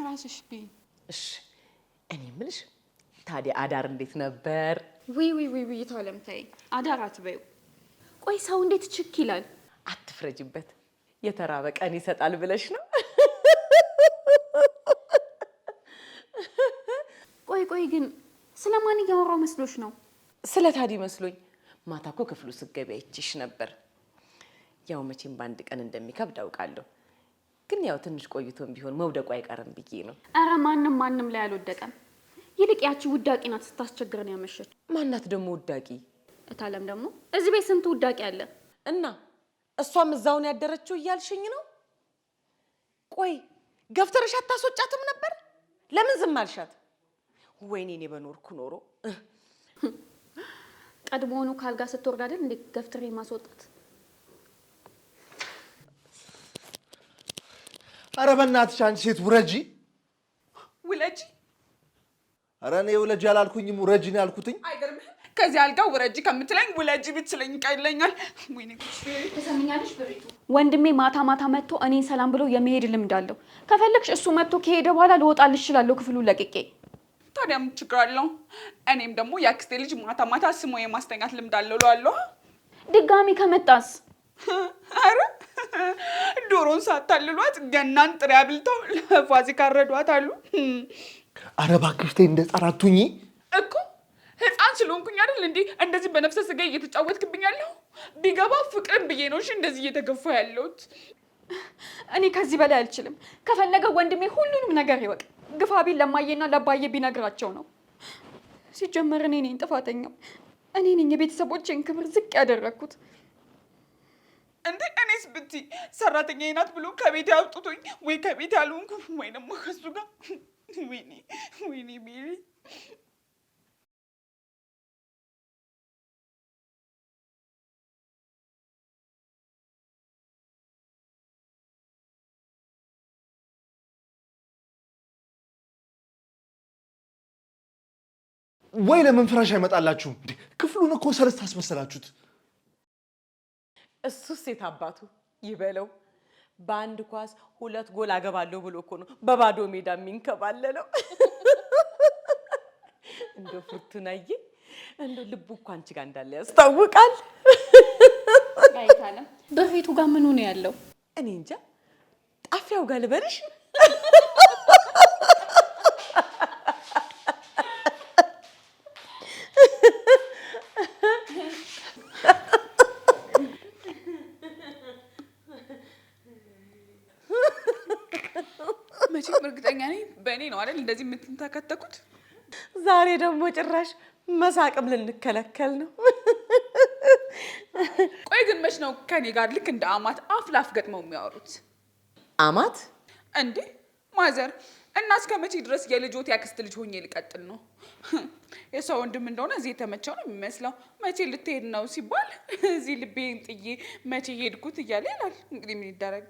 ራስሽ ብይ። እሺ እኔ የምልሽ ታዲያ አዳር እንዴት ነበር? ውይ ውይ ውይ ውይ ተወለምታይ አዳር አትበይው። ቆይ ሰው እንዴት ችክ ይላል? አትፍረጅበት። የተራበ ቀን ይሰጣል ብለሽ ነው? ቆይ ቆይ ግን ስለማን እያወራሁ መስሎሽ ነው? ስለ ታዲ መስሎኝ ማታ እኮ ክፍሉ ስገቢ ነበር። ያው መቼም በአንድ ቀን እንደሚከብድ አውቃለሁ፣ ግን ያው ትንሽ ቆይቶም ቢሆን መውደቁ አይቀርም ብዬ ነው። አረ ማንም ማንም ላይ አልወደቀም። ይልቅ ያቺ ውዳቂ ናት ስታስቸግረን ያመሸች። ማናት ደግሞ ውዳቂ? እታለም ደግሞ እዚህ ቤት ስንት ውዳቂ አለ። እና እሷም እዛውን ያደረችው እያልሽኝ ነው? ቆይ ገፍተረሽ አታስወጫትም ነበር? ለምን ዝም አልሻት? ወይኔ እኔ በኖርኩ ኖሮ ቀድሞውኑ ካልጋ ስትወርድ አይደል እንዴ ገፍትሬ ማስወጣት? አረ በእናትሽ አንቺ ሴት ውረጂ ውለጂ። አረ እኔ ውለጂ አላልኩኝም ውረጂ ነው ያልኩትኝ። አይገርምህም? ከዚህ አልጋ ውረጂ ከምትለኝ ውለጂ ብትለኝ ይቀለኛል። ተሰምኛለሽ በቤቱ ወንድሜ ማታ ማታ መጥቶ እኔን ሰላም ብሎ የመሄድ ልምድ አለው። ከፈለግሽ እሱ መጥቶ ከሄደ በኋላ ልወጣልሽ እችላለሁ ክፍሉን ለቅቄ ታዲያ ምን ችግር አለው? እኔም ደግሞ የአክስቴ ልጅ ማታ ማታ ስሞ የማስተኛት ልምድ አለው እለዋለሁ። ድጋሚ ከመጣስ? አረ ዶሮን ሳታልሏት ገናን ጥሬ አብልተው ለፋዚ ካረዷት አሉ። አረ እባክሽ ተይ፣ እንደ ሕፃን አትሁኚ እኮ ህፃን ስለሆንኩኝ አይደል እንዲህ እንደዚህ በነፍሰ ስጋ እየተጫወትክብኝ ያለሁ? ቢገባ ፍቅርን ብዬ ነው እንደዚህ እየተገፋ ያለሁት። እኔ ከዚህ በላይ አልችልም። ከፈለገ ወንድሜ ሁሉንም ነገር ይወቅ። ግፋቢን ለማየና ለባየ ቢነግራቸው ነው። ሲጀመር እኔ ነኝ ጥፋተኛው። እኔ ነኝ የቤተሰቦቼን ክብር ዝቅ ያደረግኩት። እንዴ እኔስ ብቲ ሰራተኛ ናት ብሎ ከቤት አውጥቶኝ ወይ ከቤት ያልሆንኩ ወይ ደግሞ ከሱ ጋር ወይኔ ወይኔ ወይ ለምን ፍራሽ አይመጣላችሁ? ክፍሉን እኮ ሰለስት አስመሰላችሁት። እሱ ሴት አባቱ ይበለው። በአንድ ኳስ ሁለት ጎል አገባለሁ ብሎ እኮ ነው በባዶ ሜዳ የሚንከባለለው። እንደ ፍርቱናዬ እንደ ልቡ እኮ አንቺ ጋር እንዳለ ያስታውቃል። በፊቱ ጋር ምን ሆነ ያለው? እኔ እንጃ ጣፊያው ጋር ልበልሽ መቼም እርግጠኛ ነኝ በእኔ ነው አይደል እንደዚህ የምትንተከተኩት። ዛሬ ደግሞ ጭራሽ መሳቅም ልንከለከል ነው። ቆይ ግን መች ነው ከኔ ጋር ልክ እንደ አማት አፍ ላፍ ገጥመው የሚያወሩት? አማት እንዴ ማዘር እና እስከ መቼ ድረስ የልጆት ያክስት ልጅ ሆኜ ልቀጥል ነው? የሰው ወንድም እንደሆነ እዚህ የተመቸው ነው የሚመስለው። መቼ ልትሄድ ነው ሲባል እዚህ ልቤን ጥዬ መቼ ሄድኩት እያለ ይላል። እንግዲህ ምን ይደረግ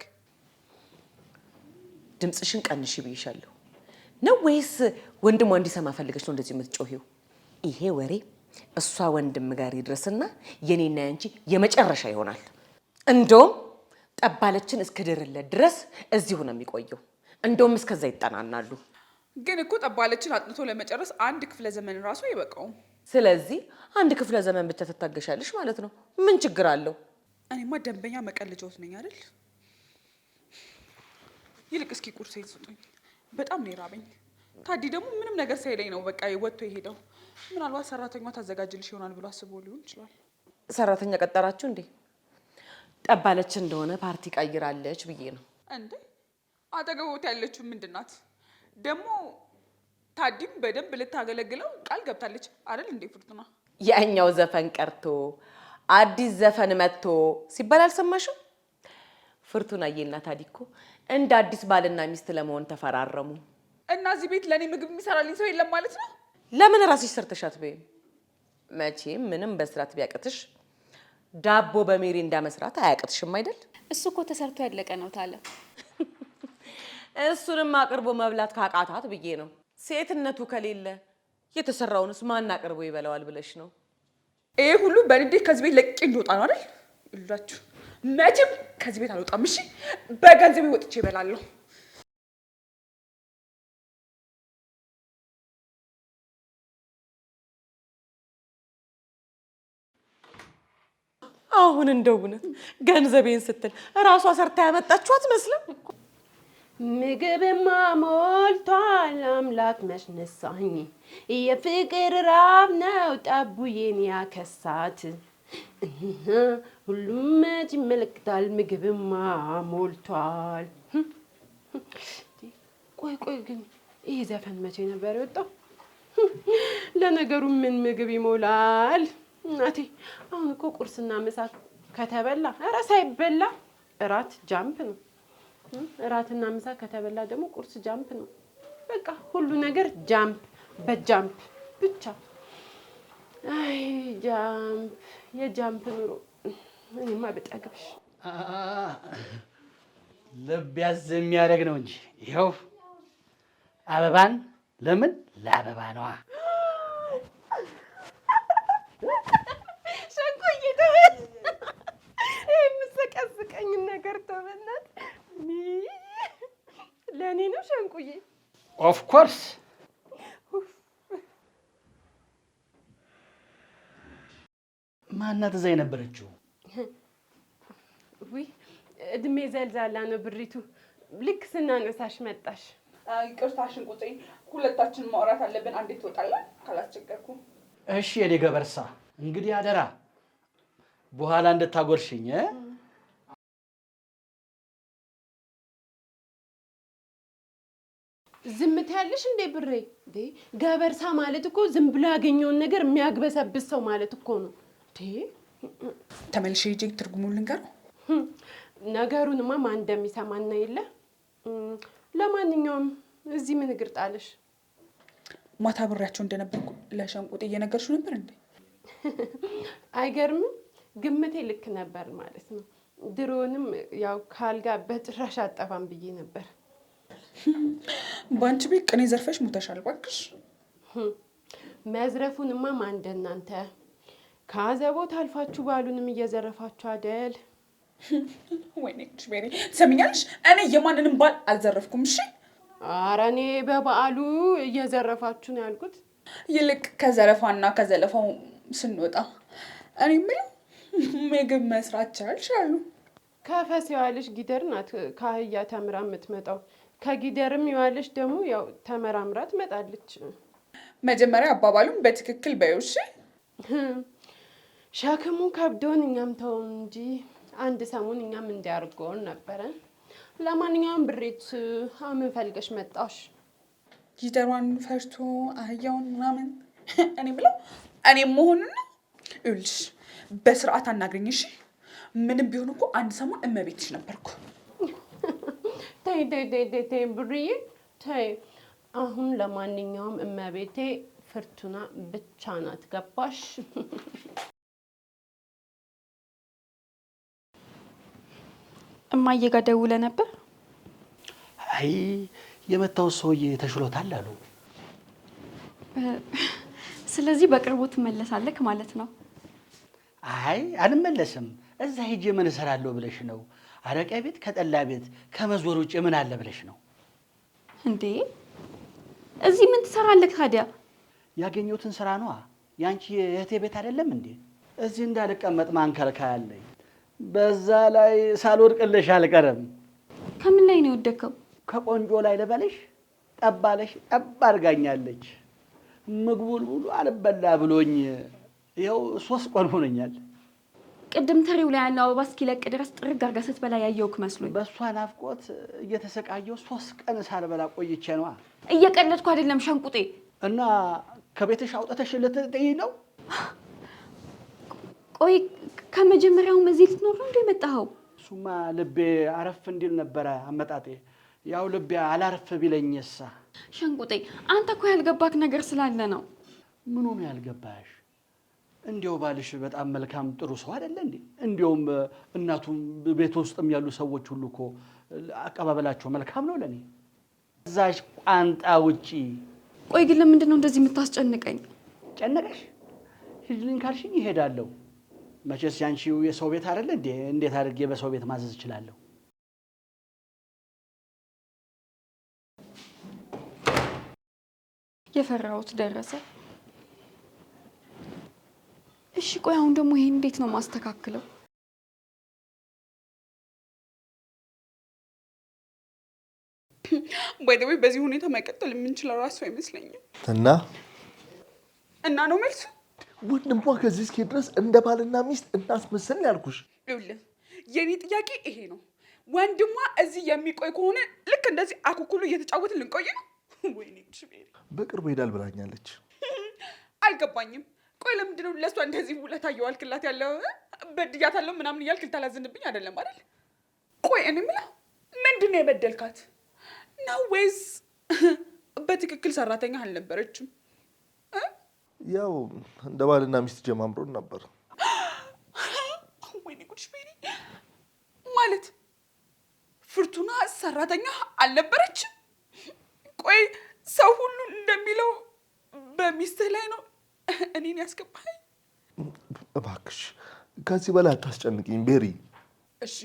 ድምፅሽን ቀንሽ ብይሻለሁ ነው ወይስ ወንድሟ እንዲሰማ ፈልገች ነው እንደዚህ የምትጮሂው? ይሄ ወሬ እሷ ወንድም ጋር ይድረስና የኔና ያንቺ የመጨረሻ ይሆናል። እንደውም ጠባለችን እስክድርለት ድረስ እዚሁ ነው የሚቆየው። እንደውም እስከዛ ይጠናናሉ። ግን እኮ ጠባለችን አጥንቶ ለመጨረስ አንድ ክፍለ ዘመን ራሱ አይበቃውም። ስለዚህ አንድ ክፍለ ዘመን ብቻ ትታገሻለሽ ማለት ነው። ምን ችግር አለው? እኔማ ደንበኛ መቀልጃዎት ነኝ አይደል ይልቅ እስኪ ቁርስ ስጡኝ። በጣም ነው የራበኝ። ታዲ ደግሞ ምንም ነገር ሳይለኝ ነው በቃ ወጥቶ የሄደው። ምናልባት ሰራተኛ ታዘጋጅልሽ ይሆናል ብሎ አስቦ ሊሆን ይችላል። ሰራተኛ ቀጠራችሁ እንዴ? ጠባለች እንደሆነ ፓርቲ ቀይራለች ብዬ ነው እንዴ? አጠገቦት ያለችው ምንድን ናት ደግሞ? ታዲም በደንብ ልታገለግለው ቃል ገብታለች አይደል እንዴ? ፍርቱና ያኛው ዘፈን ቀርቶ አዲስ ዘፈን መጥቶ ሲባል አልሰማሽም? ፍርቱናዬና ታዲኮ እንደ አዲስ ባልና ሚስት ለመሆን ተፈራረሙ እና እዚህ ቤት ለእኔ ምግብ የሚሰራልኝ ሰው የለም ማለት ነው? ለምን ራስሽ ሰርተሻት በይም። መቼም ምንም በስራት ቢያቅትሽ ዳቦ በሜሪ መስራት አያቀትሽም አይደል? እሱ እኮ ተሰርቶ ያለቀ ነው ታለ። እሱንም አቅርቦ መብላት ካቃታት ብዬ ነው። ሴትነቱ ከሌለ የተሰራውንስ ማን አቅርቦ ይበላዋል ብለሽ ነው? ይሄ ሁሉ በንዴት ከዚህ ቤት ለቅቄ እንድወጣ ነው አይደል? ይላችሁ መቼም ከዚህ ቤት አልወጣም። እሺ፣ በገንዘቤ ወጥቼ ይበላለሁ። አሁን እንደው እውነት ገንዘቤን ስትል እራሷ ሰርታ ያመጣችው አትመስልም። ምግብማ ሞልቷል፣ አምላክ መች ነሳኝ። የፍቅር ራብ ነው ጠቡዬን ያከሳት ሁሉም መች ይመለከታል፣ ምግብማ ሞልቷል። ቆይ ቆይ ግን ይህ ዘፈን መቼ ነበር የወጣው? ለነገሩ ምን ምግብ ይሞላል እናቴ። አሁን እኮ ቁርስና ምሳ ከተበላ ኧረ ሳይበላ እራት ጃምፕ ነው። እራትና ምሳ ከተበላ ደግሞ ቁርስ ጃምፕ ነው። በቃ ሁሉ ነገር ጃምፕ በጃምፕ ብቻ አይ ጃምፕ የጃምፕ ኑሮ እኔማ ብጠግብሽ ልብ ያዝ የሚያደርግ ነው እንጂ ይኸው አበባን ለምን ለአበባ ነዋ። ሸንኮዬ ተወል፣ ነገር ተው በእናትህ። ነው ሸንቁዬ? ኦፍኮርስ ማናት እዛ የነበረችው? ውይ እድሜ ዘልዛላ ነው ብሪቱ። ልክ ስናነሳሽ መጣሽ። ይቅርታሽን ቁጥሪ ሁለታችን ማውራት አለብን። አንዴ ትወጣለን ካላስቸገርኩ። እሺ የኔ ገበርሳ፣ እንግዲህ አደራ በኋላ እንድታጎርሽኝ ዝምት ያለሽ እንዴ ብሬ? ገበርሳ ማለት እኮ ዝም ብሎ ያገኘውን ነገር የሚያግበሰብስ ሰው ማለት እኮ ነው። ተመልሼ ሂጅ። ትርጉሙን ልንገረው። ነገሩንማ ማን እንደሚሰማና የለ። ለማንኛውም እዚህ ምን እግር ጣለሽ? ማታ ብሬያቸው እንደነበርኩ ለሸንቁጥ እየነገርሽው ነበር እንዴ? አይገርምም። ግምቴ ልክ ነበር ማለት ነው። ድሮንም ያው ካልጋ በጭራሽ አጠፋም ብዬ ነበር። በአንቺ ቤት ቅኔ ዘርፈሽ ሙተሻል። እባክሽ መዝረፉንማ ማን እንደናንተ ከአዘቦት አልፋችሁ ባሉንም እየዘረፋችሁ አደል? ወይኔ ቤሪ ትሰሚኛለሽ? እኔ የማንንም ባል አልዘረፍኩም። እሺ ኧረ እኔ በበዓሉ እየዘረፋችሁ ነው ያልኩት። ይልቅ ከዘረፋና ከዘለፋው ስንወጣ እኔ የምልህ ምግብ መስራት ቻልሽ አሉ። ከፈስ የዋለሽ ጊደር ናት ከአህያ ተምራ የምትመጣው። ከጊደርም የዋለሽ ደግሞ ያው ተመራምራ ትመጣለች። መጀመሪያ አባባሉም በትክክል በይው እሺ ሸክሙ ከብዶን እኛም ተው እንጂ አንድ ሰሙን እኛም እንዲያርገውን ነበረ ለማንኛውም ብሬት አምን ፈልገሽ መጣሽ? ጊደሯን ፈርቶ አህያውን ምናምን እኔ ብለው እኔ መሆኑን እልሽ በስርዓት አናግረኝ እሺ። ምንም ቢሆን እኮ አንድ ሰሞን እመቤትሽ ነበርኩ። ተይ ተይ ተይ ተይ ብርዬ ተይ። አሁን ለማንኛውም እመቤቴ ፍርቱና ብቻ ናት። ገባሽ? እማዬ ጋ ደውለ ነበር? አይ የመታውት ሰውዬ ተሽሎታል አሉ። ስለዚህ በቅርቡ ትመለሳለህ ማለት ነው? አይ አልመለስም። እዛ ሄጄ ምን እሰራለሁ ብለሽ ነው? አረቄ ቤት ከጠላ ቤት ከመዞር ውጭ ምን አለ ብለሽ ነው? እንዴ እዚህ ምን ትሰራለህ ታዲያ? ያገኘሁትን ስራ ነዋ። ያንቺ እህቴ ቤት አይደለም እንዴ? እዚህ እንዳልቀመጥ ማንከልካ ያለኝ በዛ ላይ ሳልወድቅልሽ አልቀረም። ከምን ላይ ነው የወደከው? ከቆንጆ ላይ ልበልሽ? ጠባለሽ ጠባ አድርጋኛለች። ምግቡን ሙሉ አልበላ ብሎኝ ይኸው ሶስት ቀን ሆነኛል። ቅድም ተሬው ላይ ያለው አበባ እስኪለቅ ድረስ ጥርግ አድርጋ ስትበላ ያየውክ መስሎኝ በእሷ ናፍቆት እየተሰቃየው ሶስት ቀን ሳልበላ ቆይቼ ነዋ። እየቀለድኩ አይደለም ሸንቁጤ። እና ከቤትሽ አውጥተሽ ልትጥይ ነው? ቆይ ከመጀመሪያውም እዚህ ልትኖር ነው እንደ የመጣኸው? እሱማ ልቤ አረፍ እንዲል ነበረ አመጣጤ። ያው ልቤ አላረፍ ቢለኝሳ? ሸንቁጤ፣ አንተ እኮ ያልገባክ ነገር ስላለ ነው። ምኑ ነው ያልገባሽ? እንዲያው ባልሽ በጣም መልካም ጥሩ ሰው አይደለ እንዴ? እንዲያውም እናቱም ቤት ውስጥም ያሉ ሰዎች ሁሉ እኮ አቀባበላቸው መልካም ነው ለኔ። እዛሽ ቋንጣ ውጪ። ቆይ ግን ለምንድን ነው እንደዚህ የምታስጨንቀኝ? ጨነቀሽ? ካልሽኝ ይሄዳለሁ። መቼስ ያንቺው የሰው ቤት አይደለ እንዴ? እንዴት አድርጌ በሰው ቤት ማዘዝ እችላለሁ? የፈራሁት ደረሰ። እሺ ቆይ አሁን ደግሞ ይሄን እንዴት ነው ማስተካክለው? ባይ ዘ ወይ በዚህ ሁኔታ መቀጠል የምንችለው ራሱ አይመስለኝም። እና እና ነው መልሱ ወንድሟ ከዚህ እስኪ ድረስ እንደ ባልና ሚስት እናስመስል ያልኩሽ። ይኸውልህ የኔ ጥያቄ ይሄ ነው። ወንድሟ እዚህ የሚቆይ ከሆነ ልክ እንደዚህ አኩኩሉ እየተጫወትን ልንቆይ ነው? ወይኔ በቅርቡ ሄዳል ብላኛለች። አልገባኝም። ቆይ ለምንድን ነው ለእሷ እንደዚህ ውለታ እየዋልክላት ያለው? በድያታለሁ ምናምን እያልክ ልታላዝንብኝ አይደለም አይደል? ቆይ እኔ የምለው ምንድን ነው የበደልካት ነው ወይስ በትክክል ሰራተኛ አልነበረችም? ያው እንደ ባልና ሚስት ጀማምሮን ነበር። ወይኔ ጉድሽ! ቤሪ ማለት ፍርቱና ሰራተኛ አልነበረች ቆይ ሰው ሁሉ እንደሚለው በሚስትህ ላይ ነው እኔን ያስገባል? እባክሽ ከዚህ በላይ አታስጨንቅኝ ቤሪ። እሺ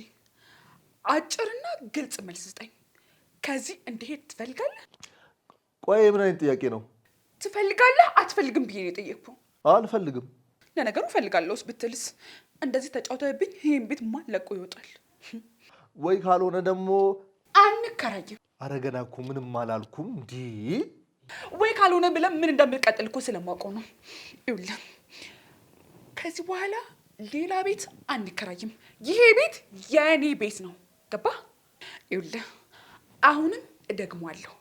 አጭርና ግልጽ መልስ ስጠኝ። ከዚህ እንደሄድ ትፈልጋለህ? ቆይ የምን አይነት ጥያቄ ነው? ትፈልጋለህ አትፈልግም ብዬ ነው የጠየቅኩ። አልፈልግም። ለነገሩ እፈልጋለሁስ ብትልስ እንደዚህ ተጫውተብኝ ይህን ቤት ማን ለቆ ይወጣል? ወይ ካልሆነ ደግሞ አንከራይም። አረ ገና እኮ ምንም አላልኩም። እንዲ ወይ ካልሆነ ብለን ምን እንደምንቀጥል እኮ ስለማውቀው ነው። ይኸውልህ ከዚህ በኋላ ሌላ ቤት አንከራይም። ይሄ ቤት የእኔ ቤት ነው። ገባ? ይኸውልህ አሁንም እደግሟለሁ፣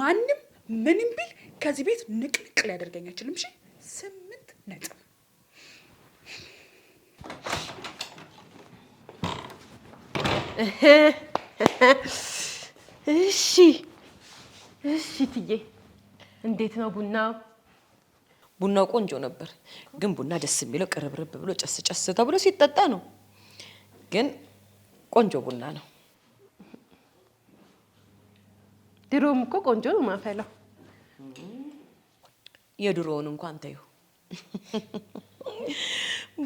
ማንም ምንም ቢል ከዚህ ቤት ንቅንቅ ሊያደርገኝ አይችልም። እሺ፣ ስምንት ነጥብ። እሺ፣ እሺ ትዬ እንዴት ነው ቡናው? ቡናው ቆንጆ ነበር፣ ግን ቡና ደስ የሚለው ቅርብርብ ብሎ ጨስ ጨስ ተብሎ ሲጠጣ ነው። ግን ቆንጆ ቡና ነው። ድሮም እኮ ቆንጆ ነው ማፈላው የድሮውን እንኳን ተይው።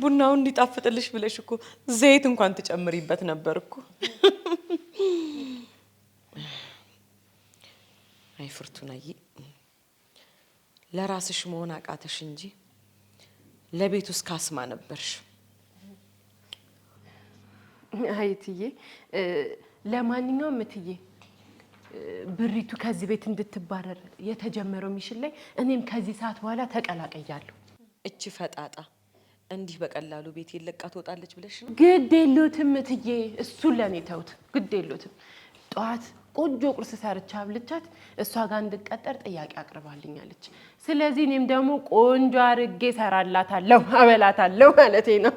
ቡናውን እንዲጣፍጥልሽ ብለሽ እኮ ዘይት እንኳን ትጨምሪበት ነበር እኮ። አይ ፍርቱናዬ፣ ለራስሽ መሆን አቃተሽ እንጂ ለቤት ውስጥ ካስማ ነበርሽ። አይትዬ፣ ለማንኛውም እትዬ ብሪቱ ከዚህ ቤት እንድትባረር የተጀመረው ሚሽን ላይ እኔም ከዚህ ሰዓት በኋላ ተቀላቀያለሁ። እች ፈጣጣ እንዲህ በቀላሉ ቤት የለቃ ትወጣለች ብለሽ ነው? ግድ የሎትም እትዬ፣ እሱን ለእኔ ተውት። ግድ የሎትም ጠዋት ቆንጆ ቁርስ ሰርቻ አብልቻት እሷ ጋር እንድቀጠር ጥያቄ አቅርባልኛለች። ስለዚህ እኔም ደግሞ ቆንጆ አርጌ ሰራላታለሁ፣ አበላታለሁ ማለቴ ነው።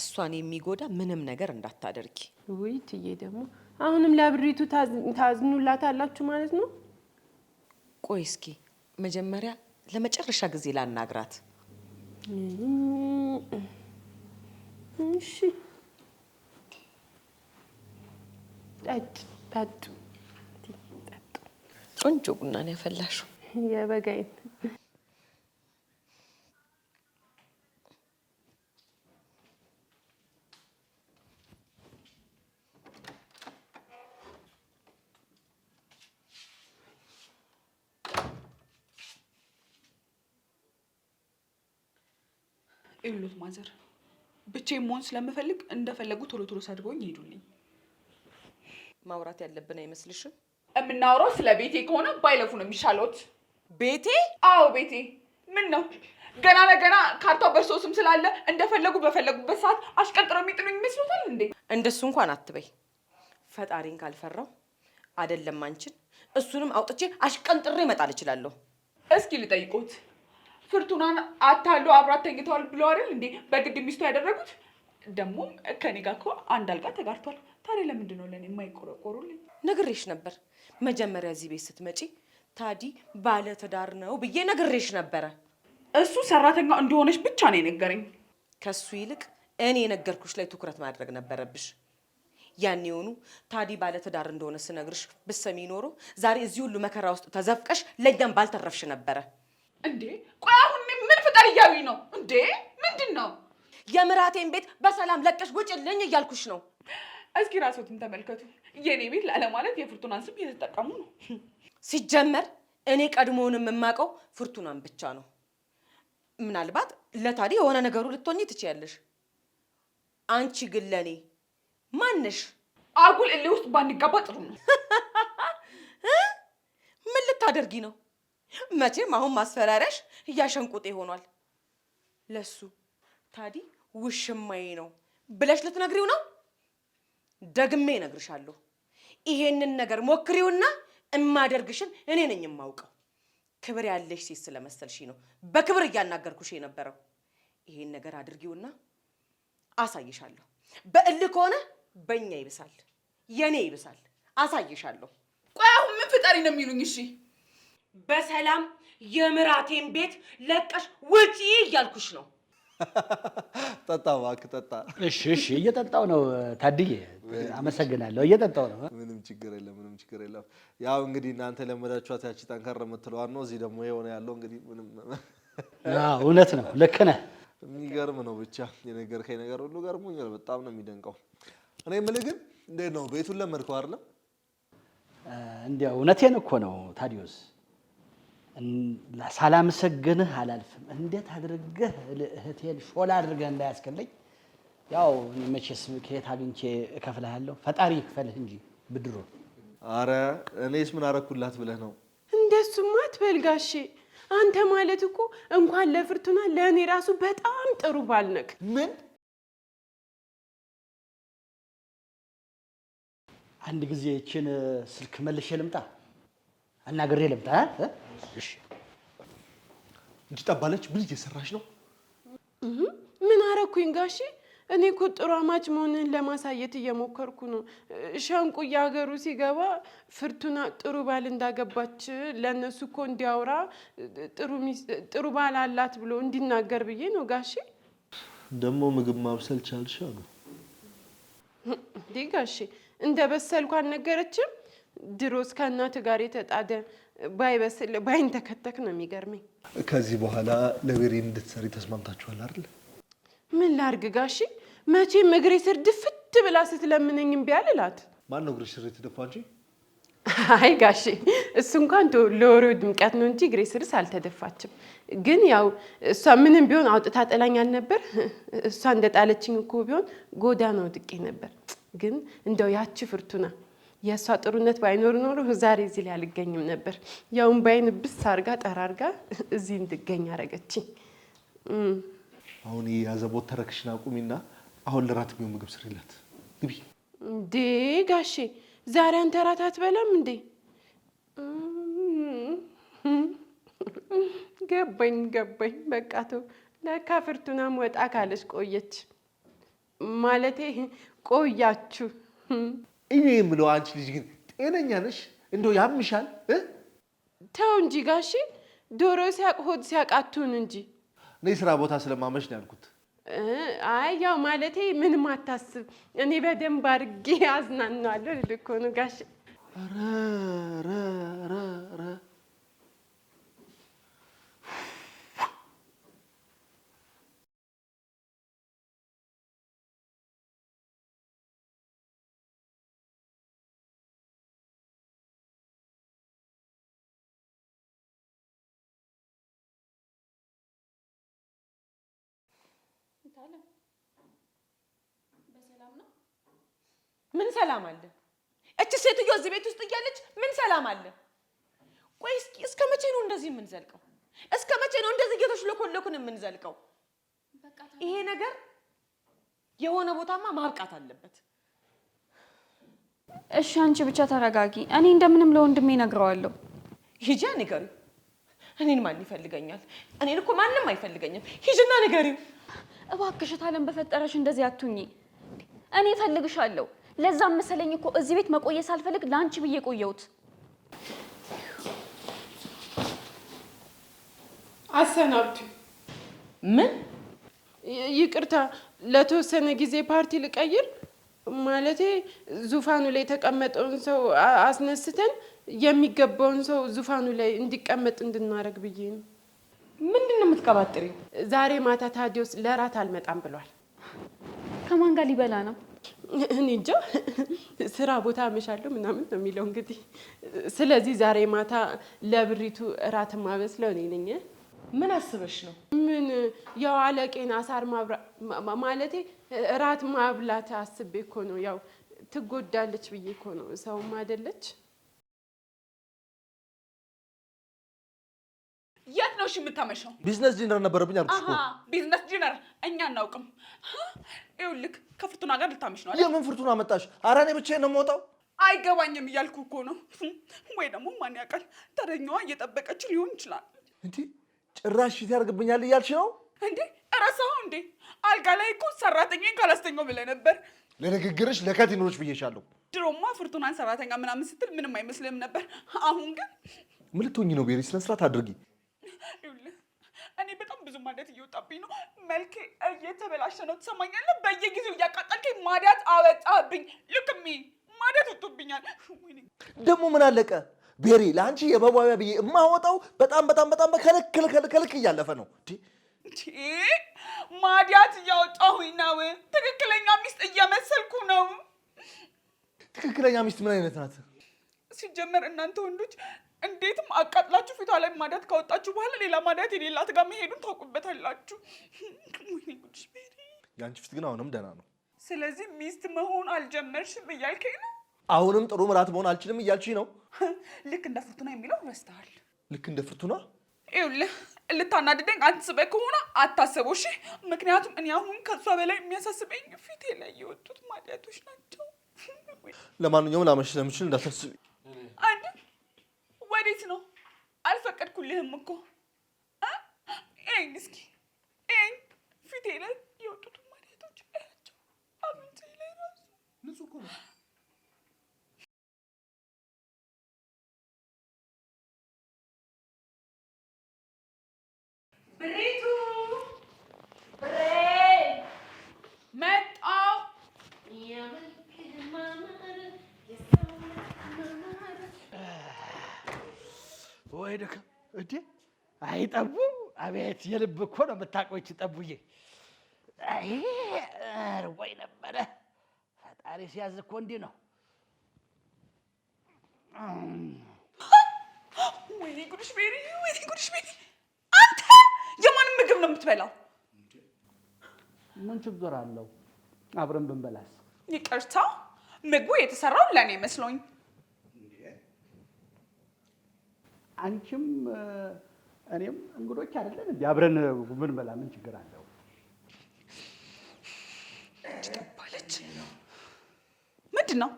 እሷን የሚጎዳ ምንም ነገር እንዳታደርጊ። ውይ እትዬ ደግሞ አሁንም ለብሪቱ ታዝኑላት አላችሁ ማለት ነው። ቆይ እስኪ መጀመሪያ ለመጨረሻ ጊዜ ላናግራት። እሺ ጠጡ ጠጡ። ቆንጆ ቡና ነው ያፈላሹ የበጋዬ ይሉት ማዘር ብቻዬን መሆን ስለምፈልግ እንደፈለጉ ቶሎ ቶሎ ሰድበውኝ ይሄዱልኝ። ማውራት ያለብን አይመስልሽም? የምናወራው ስለ ቤቴ ከሆነ ባይለፉ ነው የሚሻለዎት። ቤቴ? አዎ ቤቴ። ምን ነው ገና ለገና ካርታው በእርሶ ስም ስላለ እንደፈለጉ በፈለጉበት ሰዓት አሽቀንጥረው የሚጥሉኝ ይመስሎታል እንዴ? እንደሱ እንኳን አትበይ። ፈጣሪን ካልፈራው አይደለም አንቺን እሱንም አውጥቼ አሽቀንጥሬ እመጣል እችላለሁ። እስኪ ልጠይቆት ፍርቱናን አታሉ አብራት ተኝተዋል ብሎ አይደል እንዴ? በግድ ሚስቱ ያደረጉት። ደግሞ ከኔ ጋር እኮ አንድ አልጋ ተጋርቷል። ታዲያ ለምንድን ነው ለእኔ የማይቆረቆሩልኝ? ነግሬሽ ነበር መጀመሪያ እዚህ ቤት ስትመጪ ታዲ ባለ ትዳር ነው ብዬ ነግሬሽ ነበረ። እሱ ሰራተኛ እንደሆነች ብቻ ነው የነገረኝ። ከሱ ይልቅ እኔ የነገርኩሽ ላይ ትኩረት ማድረግ ነበረብሽ። ያን የሆኑ ታዲ ባለ ትዳር እንደሆነ ስነግርሽ ብሰሚ ኖሮ ዛሬ እዚህ ሁሉ መከራ ውስጥ ተዘፍቀሽ ለእኛም ባልተረፍሽ ነበረ። እንዴ ቆይ አሁን ምን ፍጠር እያሉ ነው እንዴ? ምንድን ነው? የምራቴን ቤት በሰላም ለቀሽ ውጭልኝ እያልኩሽ ነው። እስኪ ራስዎትን ተመልከቱ። የእኔ ቤት ላለማለት የፍርቱናን ስም እየተጠቀሙ ነው። ሲጀመር እኔ ቀድሞውን የምማቀው ፍርቱናን ብቻ ነው። ምናልባት ለታዲ የሆነ ነገሩ ልትሆኚ ትችያለሽ። አንቺ ግን ለእኔ ማንሽ? አጉል እልህ ውስጥ ባንጋባ ጥሩ ነው። ምን ልታደርጊ ነው? መቼም አሁን ማስፈራሪያሽ እያሸንቁጤ ሆኗል። ለሱ ታዲ ውሽማዬ ነው ብለሽ ልትነግሪው ነው? ደግሜ እነግርሻለሁ። ይሄንን ነገር ሞክሪውና እማደርግሽን እኔ ነኝ የማውቀው። ክብር ያለሽ ሴት ስለመሰልሽ ነው በክብር እያናገርኩሽ የነበረው። ይሄን ነገር አድርጊውና አሳይሻለሁ። በእልህ ከሆነ በእኛ ይብሳል፣ የኔ ይብሳል። አሳይሻለሁ። ቆይ አሁን ምን ፍጠሪ ነው የሚሉኝ? እሺ በሰላም የምራቴን ቤት ለቀሽ ውጪ እያልኩሽ ነው። ጠጣ እባክህ ጠጣ። እሺ እሺ፣ እየጠጣው ነው ታድዬ። አመሰግናለሁ። እየጠጣው ነው። ምንም ችግር የለም፣ ምንም ችግር የለም። ያው እንግዲህ እናንተ ለመዳችኋት ያቺ ጠንከር የምትለዋን ነው። እዚህ ደግሞ የሆነ ያለው እንግዲህ ምንም። እውነት ነው፣ ልክ ነህ። የሚገርም ነው። ብቻ የነገርከኝ ነገር ሁሉ ገርሞኛል። በጣም ነው የሚደንቀው። እኔ የምልህ ግን እንዴት ነው ቤቱን ለመድከው አይደለም? እንዲያው እውነቴን እኮ ነው ታዲዮስ ሳላመሰግንህ አላልፍም። እንዴት አድርገህ እህቴን ሾላ አድርገህ እንዳያስከለኝ። ያው መቼስ ከየት አግኝቼ እከፍልሃለሁ? ፈጣሪ ይክፈልህ እንጂ ብድሮ። አረ እኔስ ምን አረኩላት ብለህ ነው? እንደሱማ አትበልጋሼ። አንተ ማለት እኮ እንኳን ለፍርቱና ለእኔ ራሱ በጣም ጥሩ ባልነክ። ምን አንድ ጊዜ ይችን ስልክ መልሼ ልምጣ አናግሬ ልምጣ። እንጂ ጠባለች ምን እየሰራሽ ነው? ምን አረኩኝ ጋሺ? እኔ እኮ ጥሩ አማች መሆንን ለማሳየት እየሞከርኩ ነው። ሸንቁ የሀገሩ ሲገባ ፍርቱና ጥሩ ባል እንዳገባች ለእነሱ እኮ እንዲያውራ ጥሩ ባል አላት ብሎ እንዲናገር ብዬ ነው ጋሺ። ደግሞ ምግብ ማብሰል ቻልሽ አሉ እንዴ ጋሺ? እንደ በሰልኩ አልነገረችም ድሮስ ከእናት ጋር የተጣደ ባይበስል ባይን ተከተክ ነው የሚገርመኝ። ከዚህ በኋላ ለቤሬ እንድትሰሪ ተስማምታችኋል አይደል? ምን ላርግ ጋሺ? መቼም እግሬ ስር ድፍት ብላ ስትለምነኝ እምቢ አልላት። ማን ነው እግሬ ስር የተደፋ እንጂ? አይ ጋሺ፣ እሱ እንኳን ለወሬው ድምቀት ነው እንጂ እግሬ ስርስ አልተደፋችም። ግን ያው እሷ ምንም ቢሆን አውጥታ ጥላኝ አልነበር። እሷ እንደጣለችኝ እኮ ቢሆን ነው ድቄ ነበር። ግን እንደው ያቺ ፍርቱና የእሷ ጥሩነት ባይኖር ኖሮ ዛሬ እዚህ ላይ አልገኝም ነበር። ያውን ባይን ብስ አርጋ ጠራርጋ እዚህ እንድገኝ አረገች። አሁን ያዘቦት ተረክሽን አቁሚና አሁን ለራት የሚሆን ምግብ ስሪላት ግቢ። እንዴ ጋሼ ዛሬ አንተ ራት አትበላም እንዴ? ገባኝ ገባኝ። በቃ ተው። ለካ ፍርቱናም ወጣ ካለች ቆየች ማለቴ ቆያችሁ። እኔ የምለው አንቺ ልጅ ግን ጤነኛ ነሽ? እንደው ያምሻል? ተው እንጂ ጋሺ፣ ዶሮ ሲያቅ ሆድ ሲያቃቱን እንጂ እኔ ስራ ቦታ ስለማመሽ ነው ያልኩት። አይ ያው ማለቴ ምንም አታስብ፣ እኔ በደንብ አድርጌ አዝናናዋለሁ ልልኮኑ ጋሽ ረረረረ ምን ሰላም አለ? እች ሴትዮ እዚህ ቤት ውስጥ እያለች ምን ሰላም አለ? ቆይ እስኪ እስከ መቼ ነው እንደዚህ የምንዘልቀው? እስከ መቼ ነው እንደዚህ እየተሽለኮለኩን የምንዘልቀው? ይሄ ነገር የሆነ ቦታማ ማብቃት አለበት። እሺ አንቺ ብቻ ተረጋጊ። እኔ እንደምንም ለወንድሜ እነግረዋለሁ። ሂጂ ንገሪው። እኔን ማን ይፈልገኛል? እኔን እኮ ማንም አይፈልገኝም። ሂጂና ንገሪው እባክሽ። ታለም በፈጠረሽ እንደዚህ አትሁኚ። እኔ እፈልግሻለሁ። ለዛም መሰለኝ እኮ እዚህ ቤት መቆየት ሳልፈልግ ለአንቺ ብዬ ቆየሁት። አሰናብቱ። ምን? ይቅርታ ለተወሰነ ጊዜ ፓርቲ ልቀይር ማለቴ ዙፋኑ ላይ የተቀመጠውን ሰው አስነስተን የሚገባውን ሰው ዙፋኑ ላይ እንዲቀመጥ እንድናደርግ ብዬ ነው። ምንድን ነው የምትቀባጥሪው? ዛሬ ማታ ታዲዮስ ለራት አልመጣም ብሏል። ከማን ጋር ሊበላ ነው? እኔ እንጃ ስራ ቦታ አመሻለሁ ምናምን ነው የሚለው እንግዲህ። ስለዚህ ዛሬ ማታ ለብሪቱ እራት ማበስለው እኔ ነኝ። ምን አስበሽ ነው? ምን ያው አለቄን አሳር ማለቴ እራት ማብላት አስቤ እኮ ነው። ያው ትጎዳለች ብዬ እኮ ነው። ሰውም አይደለች የት ነው የምታመሸው? ቢዝነስ ዲነር ነበረብኝ አልኩሽ እኮ። ቢዝነስ ዲነር እኛ አናውቅም። ይኸውልህ ከፍርቱና ጋር ልታመሽ ነው። የምን ፍርቱና መጣሽ? ኧረ እኔ ብቻዬን ነው የምወጣው። አይገባኝም እያልኩ እኮ ነው። ወይ ደግሞ ማን ያውቃል፣ ተረኛዋ እየጠበቀችው ሊሆን ይችላል። እንዲ ጭራሽ ያደርግብኛል እያልሽ ነው እንዴ? እረሳሁ እንዴ? አልጋ ላይ እኮ ሰራተኛን ካላስተኛው ብለህ ነበር። ለንግግርሽ ለከት ይኖሮች ብዬሻለሁ። ድሮማ ፍርቱናን ሰራተኛ ምናምን ስትል ምንም አይመስልም ነበር። አሁን ግን ምን ነው? ቤሪ ስነ አድርጊ ይኸውልህ እኔ በጣም ብዙ ማዳት እየወጣብኝ ነው። መልክ እየተበላሸ ነው። ትሰማኛለህ? በየጊዜው እያቃጠልከኝ ማዳት አወጣብኝ። ልክሚ ማዳት ወጥቶብኛል። ደግሞ ምን አለቀ ቤሪ፣ ለአንቺ የመዋቢያ ብዬ የማወጣው በጣም በጣም በጣም ከልክ ከልክ እያለፈ ነው። ማዳት እያወጣሁኝ ነው። ትክክለኛ ሚስት እየመሰልኩ ነው። ትክክለኛ ሚስት ምን አይነት ናት? ሲጀመር እናንተ ወንዶች እንዴትም አቃጥላችሁ ፊቷ ላይ ማዳት ካወጣችሁ በኋላ ሌላ ማዳት የሌላት ጋር መሄዱን ታውቁበታላችሁ። የአንቺ ፊት ግን አሁንም ደህና ነው። ስለዚህ ሚስት መሆን አልጀመርሽም እያልከኝ ነው? አሁንም ጥሩ ምራት መሆን አልችልም እያልችኝ ነው? ልክ እንደ ፍርቱና የሚለው ረስተሃል። ልክ እንደ ፍርቱና ይኸውልህ፣ ልታናድደኝ አትስበህ ከሆነ አታስበው እሺ። ምክንያቱም እኔ አሁን ከሷ በላይ የሚያሳስበኝ ፊቴ ላይ የወጡት ማዳቶች ናቸው። ለማንኛውም ላመሽ ስለምችል አንድ ወዴት ነው? አልፈቀድኩልህም እኮ ይሄን እስኪ ፊቴ ላይ የወጡት ማለቶች ያቸው አምንቴ ላይ ራሱ ንጹህ እኮ ነው። ብሬቱ ጠቡ አቤት የልብ እኮ ነው የምታውቀው። ጠቡዬ እርቦኝ ነበረ። ፈጣሪ ሲያዝ እኮ እንዲህ ነው። ወይኔ ጉድሽ ቤሪ፣ ወይኔ ጉድሽ ቤሪ። አንተ የማንም ምግብ ነው የምትበላው? ምን ችግር አለው አብረን ብንበላስ? ይቅርታ ምግቡ የተሰራው ለእኔ መስሎኝ። አንቺም እኔም እንግዶች አይደለን እንዲ አብረን ምን በላ ምን ችግር አለው? ትባለች ምንድን ነው?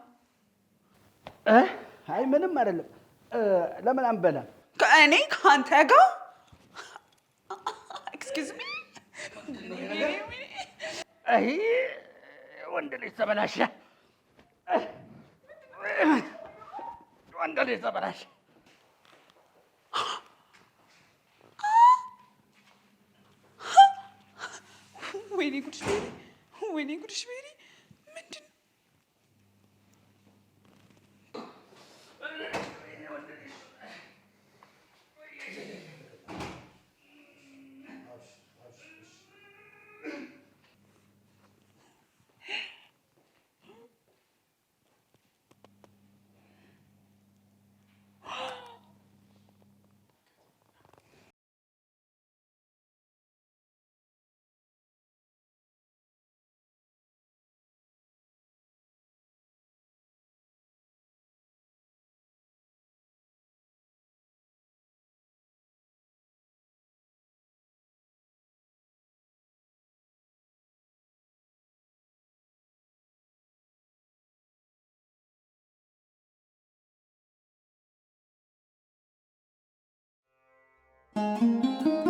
አይ ምንም አይደለም። ለምን አንበላ? ከእኔ ከአንተ ጋር ኤክስኪውዝ ሚ ወንድ ልጅ ተበላሸ። ወንድ ልጅ ተበላሸ። ወይኔ ጉድሽ፣ ወይኔ ጉድሽ፣ ወይኔ Thank you.